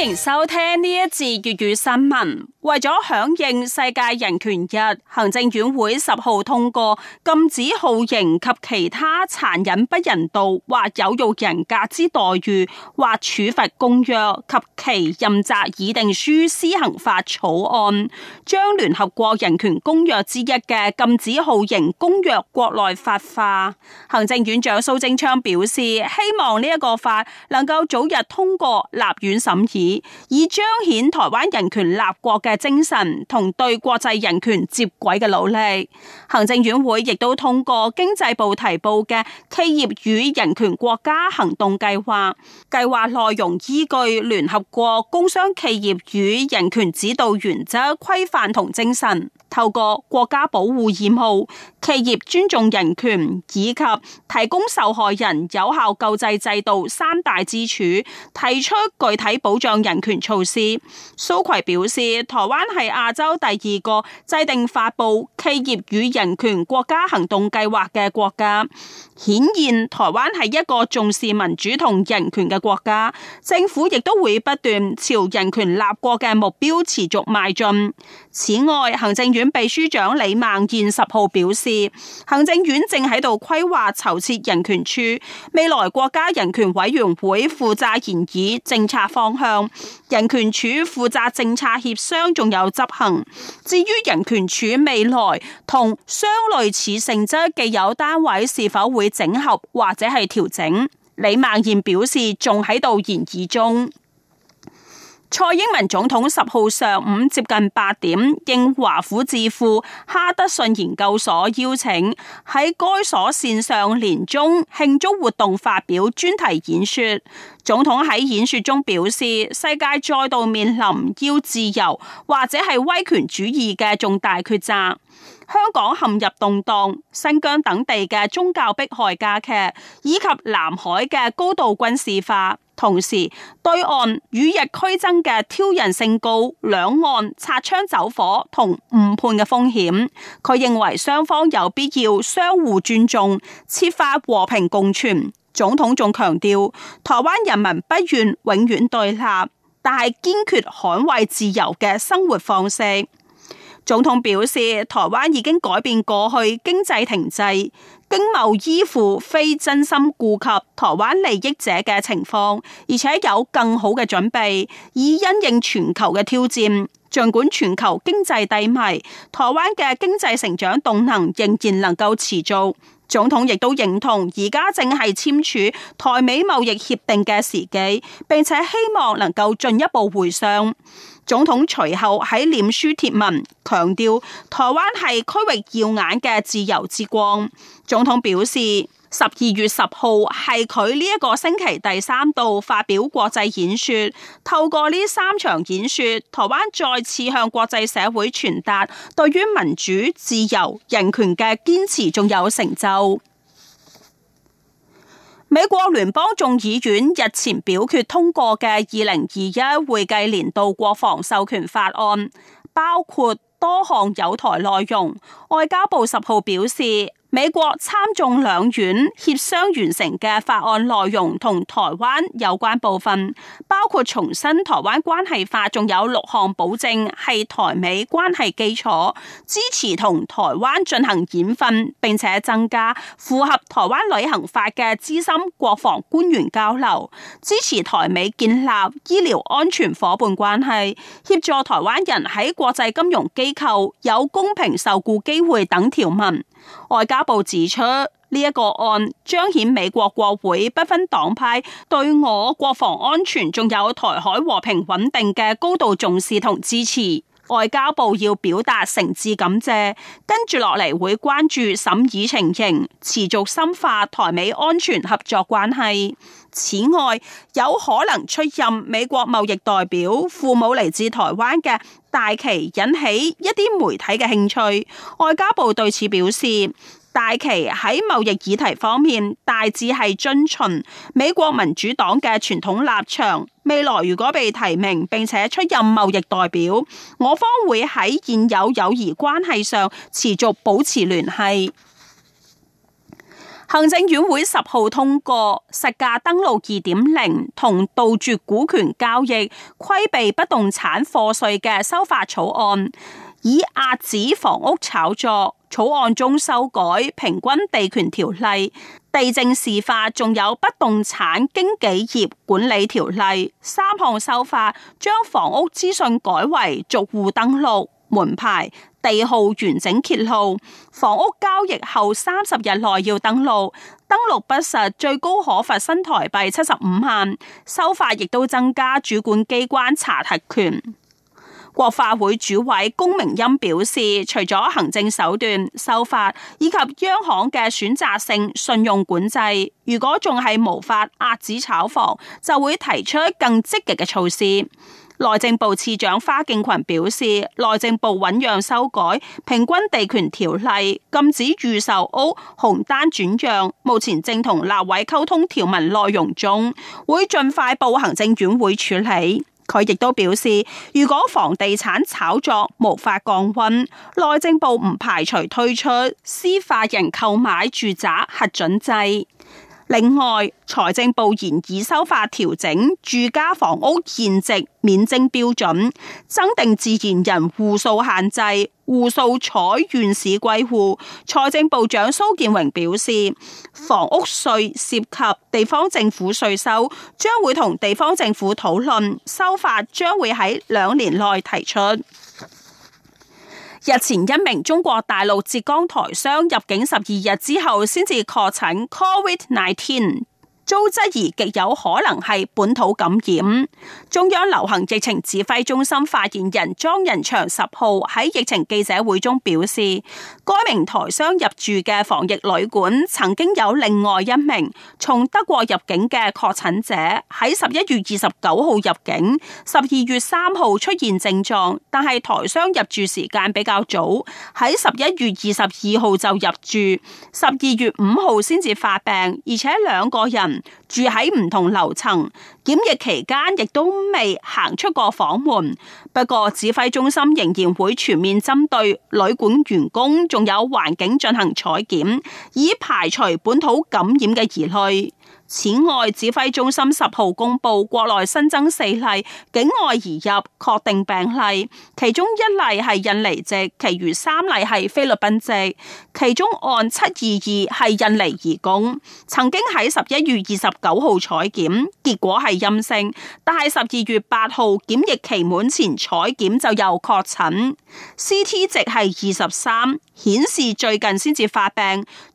歡迎收聽呢一節粵語新聞。為咗響應世界人權日，行政院會十號通過禁止酷刑及其他殘忍不人道或有辱人格之待遇或處罰公約及其任擇議定書施行法草案，將聯合國人權公約之一嘅禁止酷刑公約國內法化。行政院長蘇貞昌表示，希望呢一個法能夠早日通過立院審議，以彰顯台灣人權立國嘅嘅精神同對國際人權接軌嘅努力，行政院會亦都通過經濟部提報嘅企業與人權國家行動計劃，計劃內容依據聯合國工商企業與人權指導原則、規範同精神。透過國家保護、掩護、企業尊重人權以及提供受害人有效救濟制度三大支柱，提出具體保障人權措施。蘇揆表示，台灣係亞洲第二個制定發布企業與人權國家行動計劃嘅國家，顯現台灣係一個重視民主同人權嘅國家。政府亦都會不斷朝人權立國嘅目標持續邁進。此外，行政院。秘書長李孟燕十號表示，行政院正喺度規劃籌設人權處，未來國家人權委員會負責研議政策方向，人權處負責政策協商，仲有執行。至於人權處未來同相類似性質既有單位是否會整合或者係調整，李孟燕表示仲喺度研議中。蔡英文總統十號上午接近八點，應華府智庫哈德遜研究所邀請，喺該所綫上年終慶祝活動發表專題演說。總統喺演說中表示，世界再度面臨要自由或者係威權主義嘅重大抉擇。香港陷入動盪，新疆等地嘅宗教迫害加劇，以及南海嘅高度軍事化。同時，對岸與日俱增嘅挑釁性高，兩岸擦槍走火同誤判嘅風險，佢認為雙方有必要相互尊重，設法和平共存。總統仲強調，台灣人民不願永遠對立，但係堅決捍衛自由嘅生活方式。總統表示，台灣已經改變過去經濟停滯、經貿依附、非真心顧及台灣利益者嘅情況，而且有更好嘅準備，以因應全球嘅挑戰。儘管全球經濟低迷，台灣嘅經濟成長動能仍然能夠持續。總統亦都認同，而家正係簽署台美貿易協定嘅時機，並且希望能夠進一步會商。總統隨後喺臉書貼文強調，台灣係區域耀眼嘅自由之光。總統表示，十二月十號係佢呢一個星期第三度發表國際演說，透過呢三場演說，台灣再次向國際社會傳達對於民主、自由、人權嘅堅持，仲有成就。美國聯邦眾議院日前表決通過嘅，二零二一會計年度國防授權法案，包括多項有台內容。外交部十號表示。美國參眾兩院協商完成嘅法案內容同台灣有關部分，包括重申台灣關係法，仲有六項保證係台美關係基礎，支持同台灣進行演訓，並且增加符合台灣旅行法嘅資深國防官員交流，支持台美建立醫療安全夥伴關係，協助台灣人喺國際金融機構有公平受僱機會等條文。外交部指出，呢一個案彰顯美國國會不分黨派對我國防安全，仲有台海和平穩定嘅高度重視同支持。外交部要表達誠摯感謝，跟住落嚟會關注審議情形，持續深化台美安全合作關係。此外，有可能出任美國貿易代表，父母嚟自台灣嘅戴琪引起一啲媒體嘅興趣。外交部對此表示，戴琪喺貿易議題方面大致係遵循美國民主黨嘅傳統立場。未來如果被提名並且出任貿易代表，我方會喺現有友誼關係上持續保持聯繫。 行政院會十號通過實價登錄二點零同杜絕股權交易規避不動產課稅嘅修法草案，以遏止房屋炒作。草案中修改平均地權條例、地政士法，仲有不動產經紀業管理條例三項修法，將房屋資訊改為逐戶登錄門牌、地號完整揭露，房屋交易後三十日內要登錄，登錄不實最高可罰新台幣七十五萬。修法亦都增加主管機關查核權。國發會主委龔明鑫表示，除咗行政手段、修法以及央行嘅選擇性信用管制，如果仲係無法壓止炒房，就會提出更積極嘅措施。內政部次長花敬群表示，內政部醞釀修改平均地權條例，禁止預售屋紅單轉讓，目前正同立委溝通條文內容中，會盡快報行政院會處理。佢亦都表示，如果房地產炒作無法降溫，內政部唔排除推出私法人購買住宅核准制。另外，財政部現已修法調整住家房屋現值免徵標準，增定自然人戶數限制，戶數採縣市歸戶。財政部長蘇建榮表示，房屋稅涉及地方政府稅收，將會同地方政府討論修法，將會喺兩年內提出。日前一名中國大陸浙江台商入境十二日之後，先至確診 COVID-19。遭質疑極有可能係本土感染，中央流行疫情指揮中心發言人莊人祥十號喺疫情記者會中表示，該名台商入住嘅防疫旅館曾經有另外一名從德國入境嘅確診者喺十一月二十九號入境，十二月三號出現症狀，但係台商入住時間比較早，喺十一月二十二號就入住，十二月五號先至發病，而且兩個人。住喺唔同樓層，檢疫期間亦都未行出過房門。不過指揮中心仍然會全面針對旅館員工仲有環境進行採檢，以排除本土感染嘅疑慮。此外，指揮中心十號公布國內新增四例境外移入確定病例，其中一例係印尼籍，其餘三例係菲律賓籍。其中案七二二係印尼移工，曾經喺十一月二十九號採檢結果係陰性，但係十二月八號檢疫期滿前採檢就又確診，CT 值係二十三，顯示最近先至發病，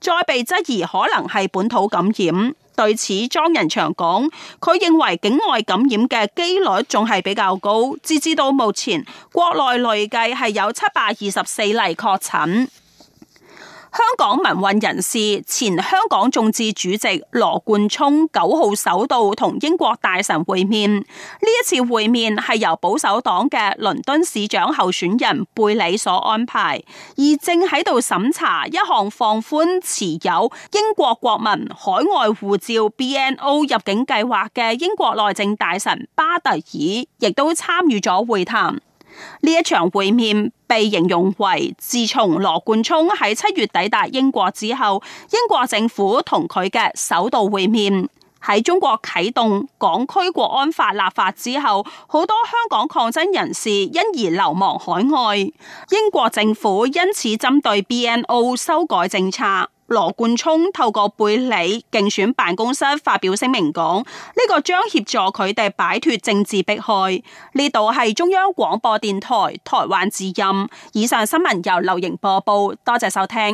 再被質疑可能係本土感染。對此，莊人祥講，佢認為境外感染嘅機率仲係比較高，截至到目前國內累計係有七百二十四例確診。香港民運人士、前香港眾志主席羅冠聰九號首度同英國大臣會面，呢一次會面係由保守黨嘅倫敦市長候選人貝里所安排，而正喺度審查一項放寬持有英國國民海外護照 （BNO） 入境計劃嘅英國內政大臣巴特爾，亦都參與咗會談。呢一場會面被形容為自從羅冠聰喺七月抵達英國之後，英國政府同佢嘅首度會面。喺中國啟動港區國安法立法之後，好多香港抗爭人士因而流亡海外，英國政府因此針對 BNO 修改政策。羅冠聰透過貝里競選辦公室發表聲明，講、這、呢個將協助佢哋擺脫政治迫害。呢度係中央廣播電台台灣之音，以上新聞由劉瑩播報，多謝收聽。